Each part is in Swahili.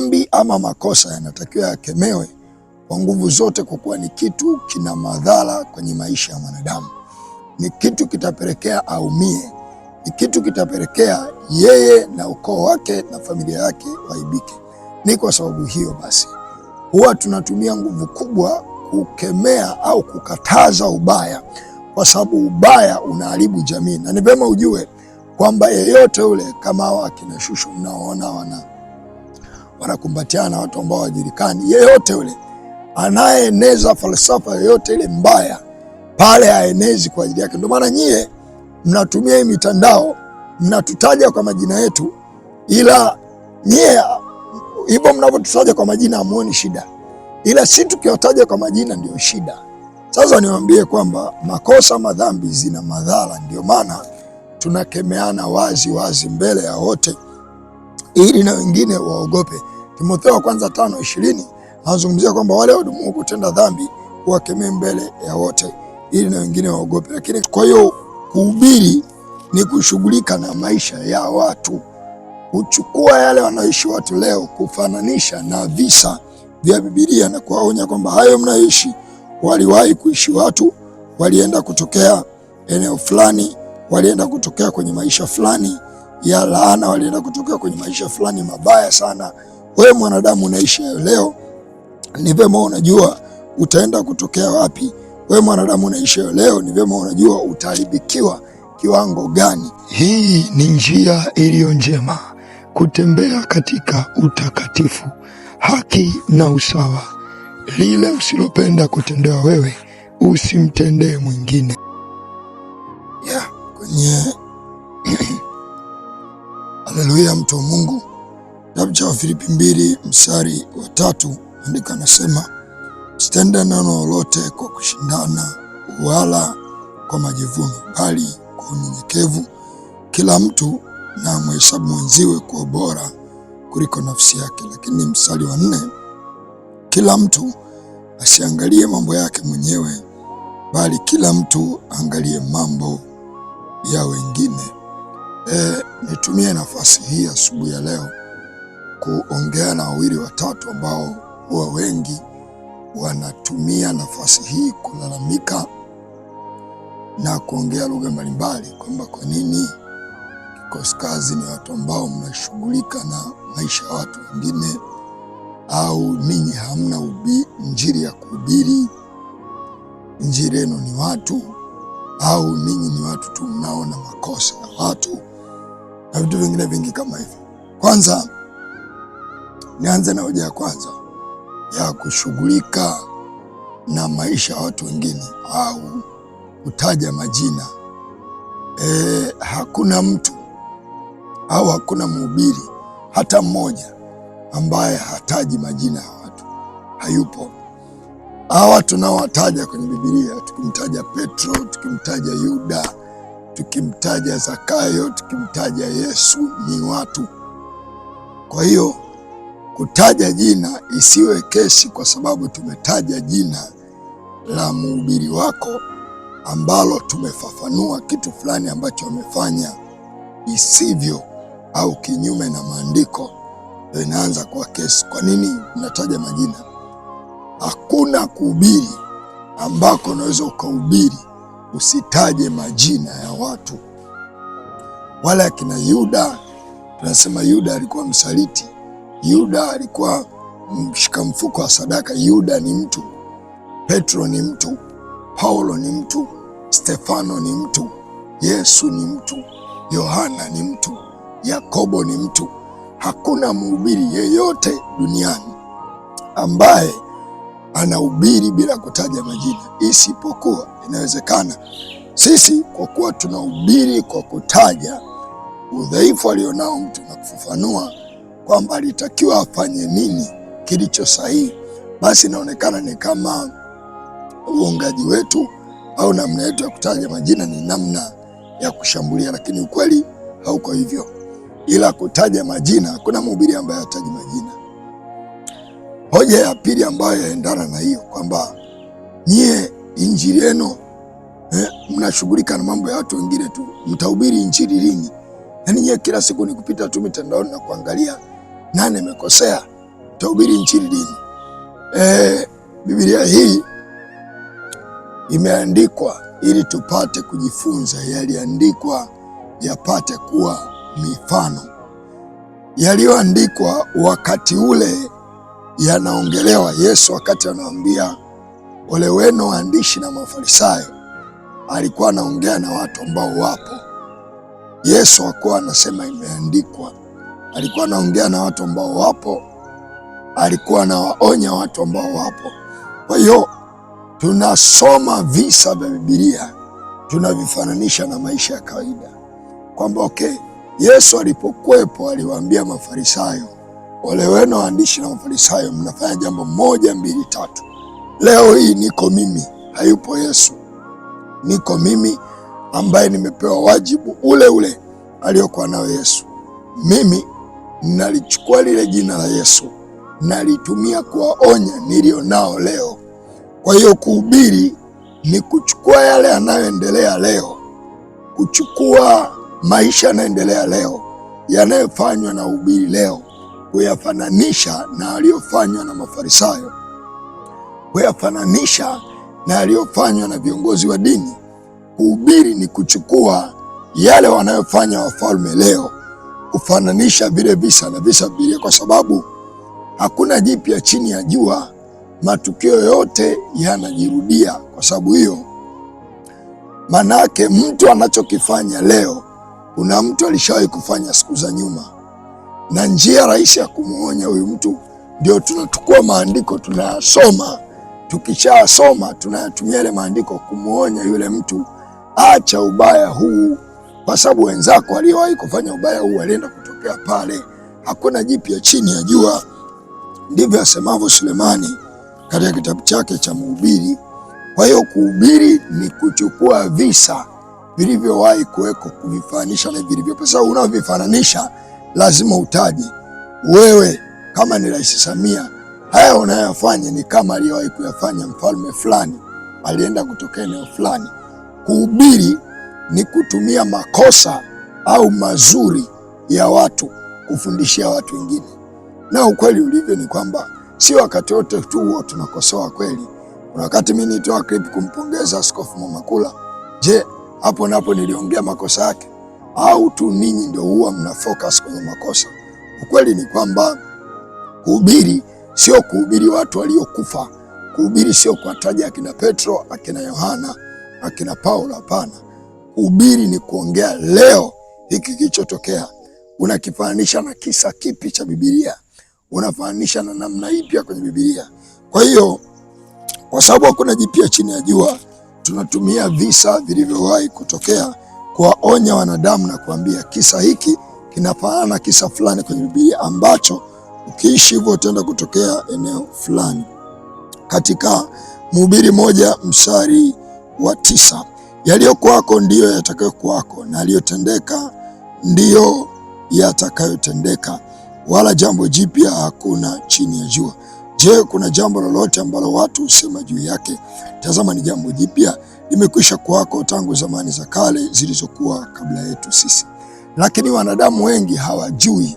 dhambi ama makosa yanatakiwa yakemewe kwa nguvu zote, kwa kuwa ni kitu kina madhara kwenye maisha ya mwanadamu, ni kitu kitapelekea aumie, ni kitu kitapelekea yeye na ukoo wake na familia yake waibike. Ni kwa sababu hiyo basi huwa tunatumia nguvu kubwa kukemea au kukataza ubaya, kwa sababu ubaya unaharibu jamii, na ni vema ujue kwamba yeyote ule kama hawa akina shushu mnaoona wana wanakumbatiana na watu ambao wajulikani. Yeyote yule anayeeneza falsafa yoyote ile mbaya pale aenezi kwa ajili yake. Ndio maana nyie mnatumia hii mitandao, mnatutaja kwa majina yetu, ila nyie hivyo mnavyotutaja kwa majina hamuoni shida, ila si tukiwataja kwa majina ndio shida. Sasa niwaambie kwamba makosa, madhambi zina madhara, ndio maana tunakemeana wazi wazi mbele ya wote, ili na wengine waogope. Timotheo wa kwanza tano ishirini anazungumzia kwamba wale wadumuo kutenda dhambi wakemee mbele ya wote, ili na wengine waogope. Lakini kwa hiyo kuhubiri ni kushughulika na maisha ya watu, kuchukua yale wanaoishi watu leo, kufananisha na visa vya Biblia na kuwaonya kwamba hayo mnayoishi waliwahi kuishi watu, walienda kutokea eneo fulani, walienda kutokea kwenye maisha fulani ya laana, walienda kutokea kwenye maisha fulani mabaya sana wewe mwanadamu unaishi leo, ni vema unajua utaenda kutokea wapi. Wewe mwanadamu unaishi leo, ni vema unajua utaharibikiwa kiwango gani. Hii ni njia iliyo njema kutembea katika utakatifu, haki na usawa. Lile usilopenda kutendewa wewe usimtendee mwingine. Yeah, kwenye haleluya, mtu wa Mungu Kitabu cha Wafilipi mbili mstari wa tatu andiko anasema msitende neno lolote kwa kushindana wala kwa majivuno, bali kwa unyenyekevu kila mtu na mhesabu mwenziwe kuwa bora kuliko nafsi yake. Lakini mstari wa nne, kila mtu asiangalie mambo yake mwenyewe, bali kila mtu angalie mambo ya wengine. E, nitumie nafasi hii asubuhi ya leo kuongea na wawili watatu ambao huwa wengi wanatumia nafasi hii kulalamika na kuongea lugha mbalimbali, kwamba kwa nini kikosi kazi ni watu ambao mnashughulika na maisha ya watu wengine, au ninyi hamna ubi, injili ya kuhubiri? Injili yenu ni watu, au ninyi ni watu tu mnaona makosa ya watu na vitu vingine vingi kama hivyo. Kwanza Nianze na hoja ya kwanza ya kushughulika na maisha ya watu wengine au kutaja majina. E, hakuna mtu au hakuna mhubiri hata mmoja ambaye hataji majina ya watu, hayupo. Hawa tunaowataja kwenye Biblia, tukimtaja Petro, tukimtaja Yuda, tukimtaja Zakayo, tukimtaja Yesu, ni watu. Kwa hiyo Kutaja jina isiwe kesi, kwa sababu tumetaja jina la mhubiri wako ambalo tumefafanua kitu fulani ambacho amefanya isivyo au kinyume na maandiko, inaanza kuwa kesi. Kwa nini mnataja majina? Hakuna kuhubiri ambako unaweza ukahubiri usitaje majina ya watu, wala akina Yuda. Tunasema Yuda alikuwa msaliti Yuda alikuwa mshika mfuko wa sadaka. Yuda ni mtu, Petro ni mtu, Paulo ni mtu, Stefano ni mtu, Yesu ni mtu, Yohana ni mtu, Yakobo ni mtu. Hakuna mhubiri yeyote duniani ambaye anahubiri bila kutaja majina, isipokuwa inawezekana sisi kwa kuwa tunahubiri kwa kutaja udhaifu alionao mtu na kufafanua kwamba alitakiwa afanye nini kilicho sahihi, basi inaonekana ni kama uongaji wetu au namna yetu ya kutaja majina ni namna ya kushambulia, lakini ukweli hauko hivyo. Ila kutaja majina, kuna mhubiri ambaye hataji majina. Hoja ya pili ambayo yaendana na hiyo kwamba nyie injili yenu eh, mnashughulika na mambo ya watu wengine tu, mtahubiri injili lini? Yaani nyie kila siku ni kupita tu mitandaoni na kuangalia nani amekosea? Tahubiri injili dini. E, Biblia hii imeandikwa ili tupate kujifunza, yaliandikwa yapate kuwa mifano. Yaliyoandikwa wakati ule yanaongelewa Yesu wakati anawaambia ole wenu waandishi na Mafarisayo. Alikuwa anaongea na watu ambao wapo. Yesu akuwa anasema imeandikwa alikuwa anaongea na watu ambao wapo, alikuwa anawaonya watu ambao wapo. Kwa hiyo tunasoma visa vya Biblia tunavifananisha na maisha ya kawaida kwamba okay, Yesu alipokuwepo aliwaambia Mafarisayo, ole wenu waandishi na Mafarisayo, mnafanya jambo moja mbili tatu. Leo hii niko mimi, hayupo Yesu, niko mimi ambaye nimepewa wajibu ule ule aliokuwa nao Yesu. Mimi nalichukua lile jina la Yesu nalitumia kuwaonya nilio nao leo. Kwa hiyo kuhubiri ni kuchukua yale yanayoendelea leo, kuchukua maisha yanayoendelea leo, yanayofanywa na uhubiri leo, kuyafananisha na aliyofanywa na Mafarisayo, kuyafananisha na aliyofanywa na viongozi wa dini. Kuhubiri ni kuchukua yale wanayofanya wafalme leo kufananisha vile visa na visa vile, kwa sababu hakuna jipya chini ya jua, matukio yote yanajirudia. Kwa sababu hiyo, manake mtu anachokifanya leo, kuna mtu alishawahi kufanya siku za nyuma, na njia rahisi ya kumuonya huyu mtu ndio tunachukua maandiko tunayasoma. Tukishasoma tunayatumia yale maandiko kumuonya yule mtu, acha ubaya huu kwa sababu wenzako waliowahi kufanya ubaya huu walienda kutokea pale. Hakuna jipya chini ya jua, ndivyo asemavyo Sulemani katika kitabu chake cha Mhubiri. Kwa hiyo kuhubiri ni kuchukua visa vilivyowahi kuweko kuvifananisha na Kwa sababu unavyofananisha lazima utaji wewe, kama ni Rais Samia, haya unayofanya ni kama aliyowahi kuyafanya mfalme fulani, alienda kutokea eneo fulani. Kuhubiri ni kutumia makosa au mazuri ya watu kufundishia watu wengine. Na ukweli ulivyo ni kwamba si wakati wote tu huo tunakosoa kweli. Kuna wakati mimi nitoa clip kumpongeza Askofu Mamakula. Je, hapo napo niliongea makosa yake au tu ninyi ndio huwa mna focus kwenye makosa? Ukweli ni kwamba kuhubiri sio kuhubiri watu waliokufa. Kuhubiri sio kuwataja akina Petro, akina Yohana, akina Paulo. Hapana. Kuhubiri ni kuongea leo hiki kilichotokea. Unakifananisha na kisa kipi cha Biblia? Unafananisha na namna ipi kwenye Biblia? Kwa hiyo kwa sababu hakuna jipya chini ya jua, tunatumia visa vilivyowahi kutokea kuwaonya wanadamu na kuambia kisa hiki kinafanana na kisa fulani kwenye Biblia ambacho ukiishi hivyo utaenda kutokea eneo fulani. Katika Mhubiri moja mstari wa tisa Yaliyokuwako ndiyo yatakayokuwako, na yaliyotendeka ndiyo yatakayotendeka, wala jambo jipya hakuna chini ya jua. Je, kuna jambo lolote ambalo watu husema juu yake? Tazama, ni jambo jipya limekwisha kuwako tangu zamani za kale zilizokuwa kabla yetu sisi. Lakini wanadamu wengi hawajui,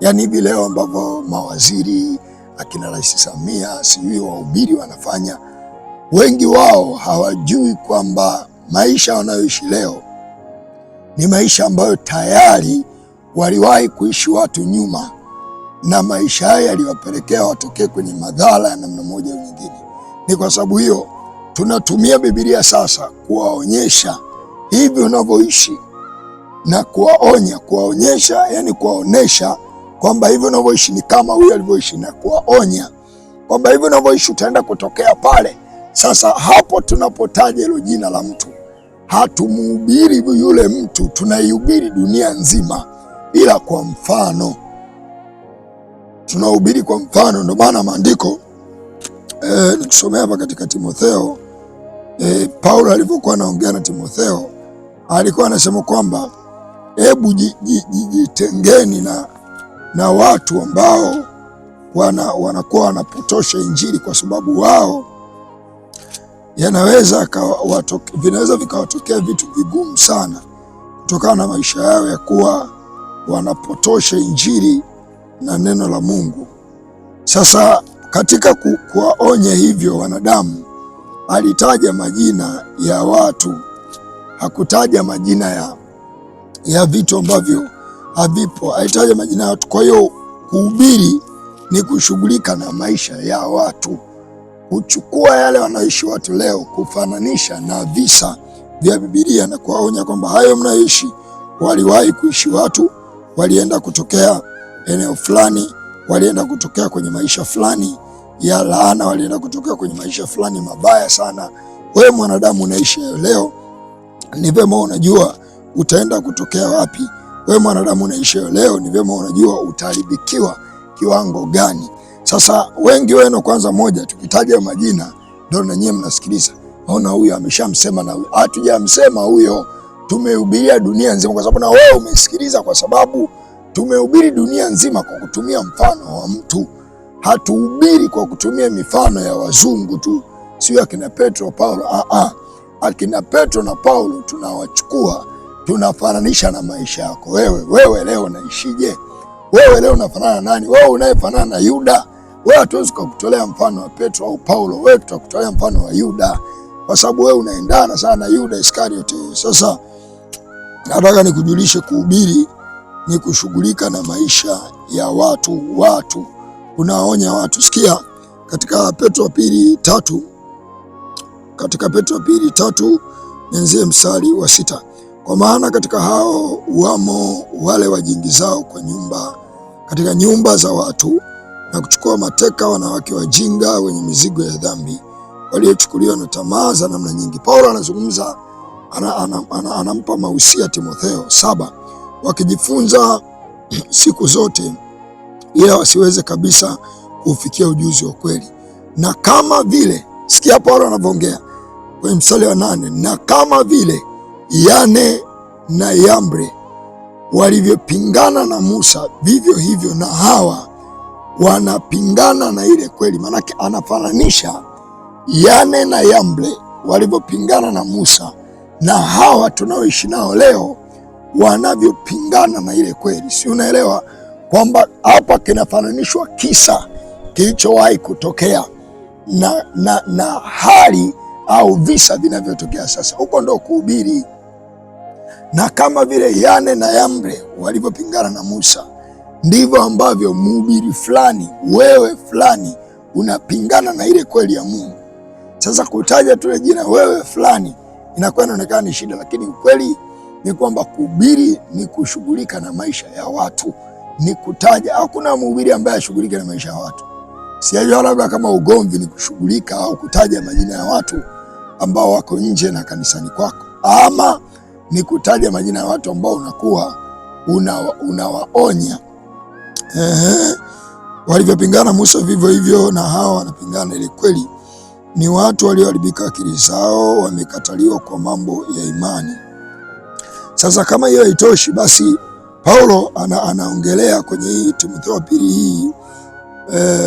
yaani hivi leo ambavyo mawaziri akina Rais Samia, sijui wahubiri wanafanya, wengi wao hawajui kwamba maisha wanayoishi leo ni maisha ambayo tayari waliwahi kuishi watu nyuma, na maisha haya yaliwapelekea watokee kwenye madhara ya namna moja au nyingine. Ni kwa sababu hiyo tunatumia Biblia sasa kuwaonyesha hivi unavyoishi na kuwaonya, kuwaonyesha, yani kuwaonesha kwamba hivi unavyoishi ni kama huyo alivyoishi, na kuwaonya kwamba hivi unavyoishi utaenda kutokea pale. Sasa hapo tunapotaja hilo jina la mtu hatumuhubiri yule mtu, tunaihubiri dunia nzima, ila kwa mfano. Tunahubiri kwa mfano, ndio maana maandiko e, nikisomea hapa katika Timotheo e, Paulo alivyokuwa anaongea na Timotheo alikuwa anasema kwamba hebu jitengeni na, na watu ambao wanakuwa wana wanapotosha Injili kwa sababu wao yanaweza vinaweza vikawatokea vitu vigumu sana kutokana na maisha yao ya kuwa wanapotosha Injili na neno la Mungu. Sasa katika kuwaonya hivyo wanadamu, alitaja majina ya watu, hakutaja majina ya, ya vitu ambavyo havipo, alitaja majina ya watu. Kwa hiyo kuhubiri ni kushughulika na maisha ya watu huchukua yale wanaishi watu leo kufananisha na visa vya Bibilia na kuwaonya kwamba hayo mnaishi waliwahi kuishi watu, walienda kutokea eneo fulani, walienda kutokea kwenye maisha fulani ya laana, walienda kutokea kwenye maisha fulani mabaya sana. Wewe mwanadamu unaishi leo, ni vema unajua utaenda kutokea wapi. Wewe mwanadamu unaishi leo, ni vema unajua utaharibikiwa kiwango gani. Sasa wengi wenu, kwanza moja, tukitaja majina ndo na nyinyi mnasikiliza, naona huyo ameshamsema na huyo hatujamsema huyo. Tumehubiria dunia nzima, kwa sababu na wewe umesikiliza, kwa sababu tumehubiri dunia nzima kwa kutumia mfano wa mtu. Hatuhubiri kwa kutumia mifano ya wazungu tu, sio akina Petro Paulo. A ah, a, ah. akina Petro na Paulo tunawachukua tunafananisha na maisha yako wewe. Wewe leo naishije? Wewe leo unafanana nani? Wewe unayefanana na Yuda wewe hatuwezi kukutolea mfano wa Petro au Paulo, wewe tutakutolea mfano wa Yuda, kwa sababu wewe unaendana sana na Yuda Iskariote. Sasa nataka nikujulishe, kuhubiri ni kushughulika na maisha ya watu, watu unaonya watu. Sikia katika Petro pili tatu, katika Petro pili tatu nianzie mstari wa sita kwa maana katika hao wamo wale wajingizao kwa nyumba katika nyumba za watu na kuchukua mateka wanawake wajinga wenye mizigo ya dhambi waliochukuliwa na tamaa za namna nyingi. Paulo anazungumza ana, ana, ana, anampa mahusia Timotheo saba, wakijifunza siku zote ila wasiweze kabisa kufikia ujuzi wa kweli, na kama vile, sikia Paulo anavyoongea kwenye mstari wa nane, na kama vile Yane na Yambre walivyopingana na Musa, vivyo hivyo na hawa wanapingana na ile kweli, maanake anafananisha Yane na Yambre walivyopingana na Musa na hawa tunaoishi nao leo wanavyopingana na ile kweli, si unaelewa kwamba hapa kinafananishwa kisa kilichowahi kutokea na, na, na hali au visa vinavyotokea sasa. Huko ndo kuhubiri, na kama vile Yane na Yambre walivyopingana na Musa ndivyo ambavyo mhubiri fulani, wewe fulani, unapingana na ile kweli ya Mungu. Sasa kutaja tu jina wewe fulani inakuwa inaonekana ni shida, lakini ukweli ni kwamba kuhubiri ni kushughulika na maisha ya watu, ni kutaja. Hakuna mhubiri ambaye ashughulike na maisha ya watu, sijajua labda kama ugomvi ni kushughulika au kutaja majina ya watu ambao wako nje na kanisani kwako, ama ni kutaja majina ya watu ambao unakuwa unawaonya una Ehe, walivyopingana Musa vivyo hivyo na hawa wanapingana. Ili kweli ni watu walioharibika akili zao, wamekataliwa kwa mambo ya imani. Sasa kama hiyo haitoshi, basi Paulo ana, anaongelea kwenye hii Timotheo wa pili hii e,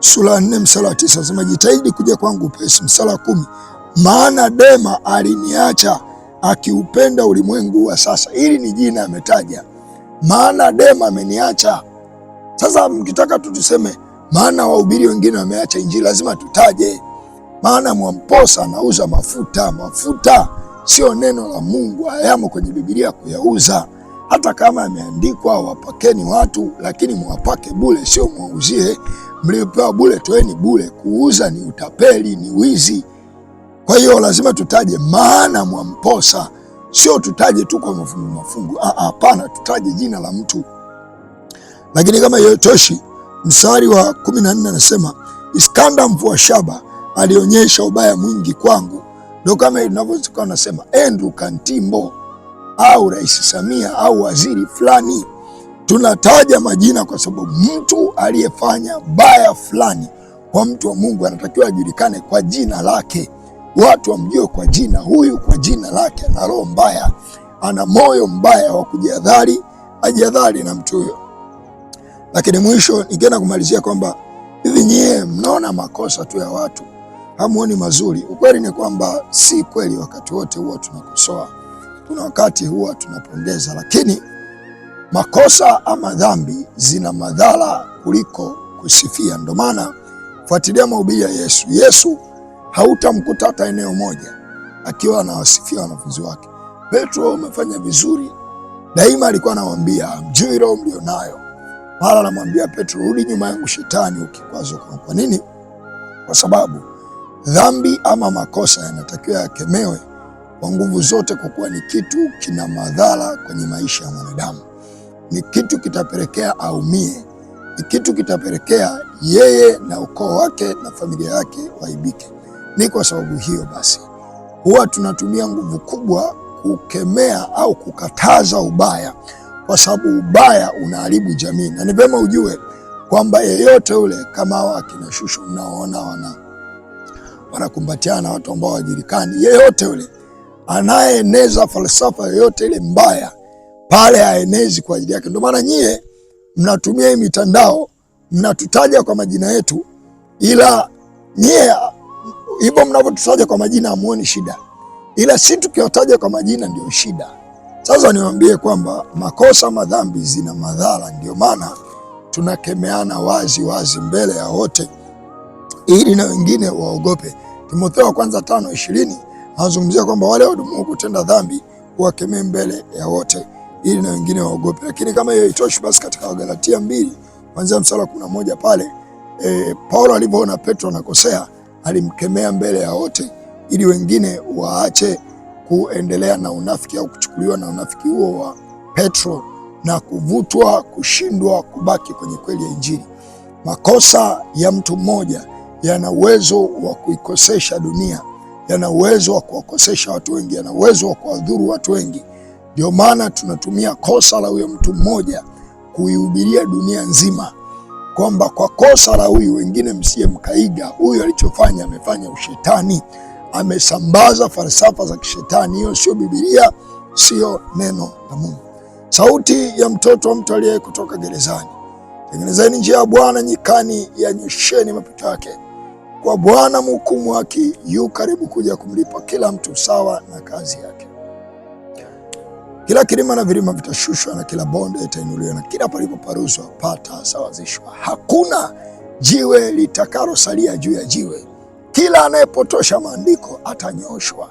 sura nne msala tisa sema jitahidi kuja kwangu upesi. Msala kumi maana Dema aliniacha akiupenda ulimwengu wa sasa. Hili ni jina ametaja, maana Dema ameniacha sasa mkitaka tu tuseme maana wahubiri wengine wameacha Injili, lazima tutaje. Maana Mwamposa anauza mafuta. Mafuta sio neno la Mungu, hayamo kwenye Biblia kuyauza. Hata kama ameandikwa wapakeni watu, lakini mwapake bule, sio mwauzie. Mliopewa bule toeni bule. Kuuza ni utapeli, ni wizi. Kwa hiyo lazima tutaje maana Mwamposa, sio tutaje tu kwa mafungu mafungu. Ah, ah, hapana, tutaje jina la mtu. Lakini kama yotoshi, msari wa 14 anasema Iskanda mvua shaba alionyesha ubaya mwingi kwangu. Ndio kama inavyozika, anasema Andrew Kantimbo au Rais Samia au waziri fulani, tunataja majina kwa sababu mtu aliyefanya baya fulani kwa mtu wa Mungu anatakiwa ajulikane kwa jina lake, watu wamjue kwa jina, huyu kwa jina lake. Ana roho mbaya, ana moyo mbaya wa kujihadhari, ajihadhari na mtu huyo. Lakini mwisho ningeenda kumalizia kwamba hivi nyie mnaona makosa tu ya watu, hamuoni mazuri. Ukweli ni kwamba si kweli, wakati wote huwa tunakosoa, kuna wakati huwa tunapongeza, lakini makosa ama dhambi zina madhara kuliko kusifia. Ndo maana fuatilia mahubiri ya Yesu. Yesu hautamkuta hata eneo moja akiwa anawasifia wanafunzi wake. Petro, umefanya vizuri. Daima alikuwa anawaambia, mjui roho mlionayo mara anamwambia Petro, rudi nyuma yangu shetani, ukikwazo. Kwa nini? Kwa sababu dhambi ama makosa yanatakiwa yakemewe kwa nguvu zote, kwa kuwa ni kitu kina madhara kwenye maisha ya mwanadamu, ni kitu kitapelekea aumie, ni kitu kitapelekea yeye na ukoo wake na familia yake waibike. Ni kwa sababu hiyo basi huwa tunatumia nguvu kubwa kukemea au kukataza ubaya kwa sababu ubaya unaharibu jamii, na ni vyema ujue kwamba yeyote yule kama hawa akina Shushu mnaoona wana wanakumbatiana na watu ambao wajirikani yeyote yule anayeeneza falsafa yoyote ile mbaya pale aenezi kwa ajili yake. Ndio maana nyie mnatumia hii mitandao, mnatutaja kwa majina yetu, ila nyie hivyo mnavyotutaja kwa majina hamuoni shida, ila si tukiwataja kwa majina ndio shida. Sasa niwaambie kwamba makosa, madhambi zina madhara, ndio maana tunakemeana wazi wazi mbele ya wote ili na wengine waogope. Timotheo wa kwanza tano ishirini anazungumzia kwamba wale wadumu kutenda dhambi wakemee mbele ya wote ili na wengine waogope. Lakini kama hiyo haitoshi, basi katika Wagalatia mbili kuanzia mstari wa kumi na moja pale e, Paulo alivyoona Petro anakosea alimkemea mbele ya wote ili wengine waache kuendelea na unafiki au kuchukuliwa na unafiki huo wa Petro na kuvutwa, kushindwa kubaki kwenye kweli ya Injili. Makosa ya mtu mmoja yana uwezo wa kuikosesha dunia, yana uwezo wa kuwakosesha watu wengi, yana uwezo wa kuwadhuru watu wengi. Ndio maana tunatumia kosa la huyo mtu mmoja kuihubiria dunia nzima kwamba kwa kosa la huyu wengine msiye mkaiga, huyu alichofanya amefanya ushetani amesambaza falsafa za kishetani. Hiyo sio Biblia, siyo neno la Mungu. Sauti ya mtoto wa mtu aliye kutoka gerezani. Tengenezeni njia ya Bwana nyikani, yanyosheni mapito yake, kwa Bwana mhukumu haki yu karibu kuja kumlipa kila mtu sawa na kazi yake. Kila kilima na vilima vitashushwa na kila bonde itainuliwa, na kila palipoparuswa patasawazishwa. Hakuna jiwe litakalosalia juu ya jiwe. Kila anayepotosha maandiko atanyoshwa.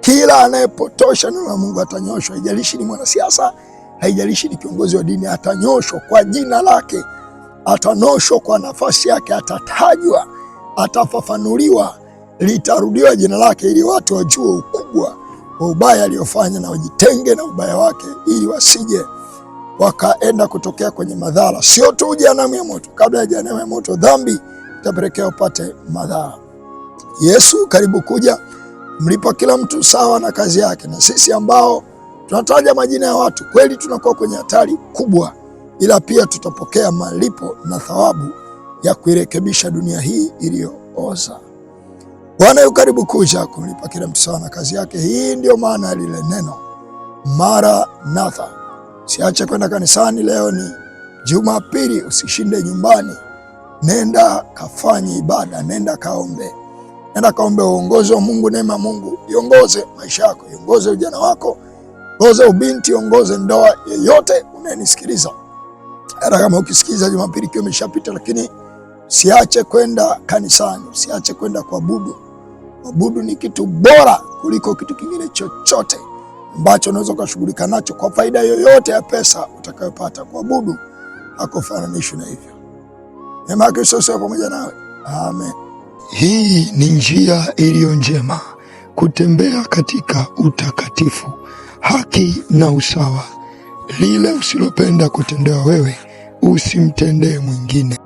Kila anayepotosha neno la Mungu atanyoshwa. Haijalishi ni mwanasiasa, haijalishi ni kiongozi wa dini, atanyoshwa kwa jina lake, atanoshwa kwa nafasi yake, atatajwa, atafafanuliwa, litarudiwa jina lake, ili watu wajue ukubwa wa ubaya aliyofanya na wajitenge na ubaya wake, ili wasije wakaenda kutokea kwenye madhara, sio tu jehanamu ya moto. Kabla ya jehanamu ya moto, dhambi itapelekea upate madhara. Yesu karibu kuja, mlipa kila mtu sawa na kazi yake. Na sisi ambao tunataja majina ya watu kweli, tunakuwa kwenye hatari kubwa, ila pia tutapokea malipo na thawabu ya kuirekebisha dunia hii iliyooza. Bwana yu karibu kuja kumlipa kila mtu sawa na kazi yake. Hii ndio maana ya lile neno Maranatha. siache kwenda kanisani. Leo ni Jumapili, usishinde nyumbani. Nenda kafanye ibada, nenda kaombe. Nenda kaombe uongozi wa Mungu, neema Mungu iongoze maisha yako, iongoze ujana wako, ongoze ubinti, ongoze ndoa. Yeyote unayenisikiliza, hata kama ukisikiliza Jumapili ikiwa imeshapita, lakini siache kwenda kanisani, usiache kwenda kuabudu. Kuabudu ni kitu bora kuliko kitu kingine chochote ambacho unaweza ukashughulika nacho kwa faida yoyote ya pesa utakayopata. Kuabudu hakufananishwi na hivyo. Neema ya Kristo pamoja nawe. Amen. Hii ni njia iliyo njema, kutembea katika utakatifu, haki na usawa. Lile usilopenda kutendewa wewe, usimtendee mwingine.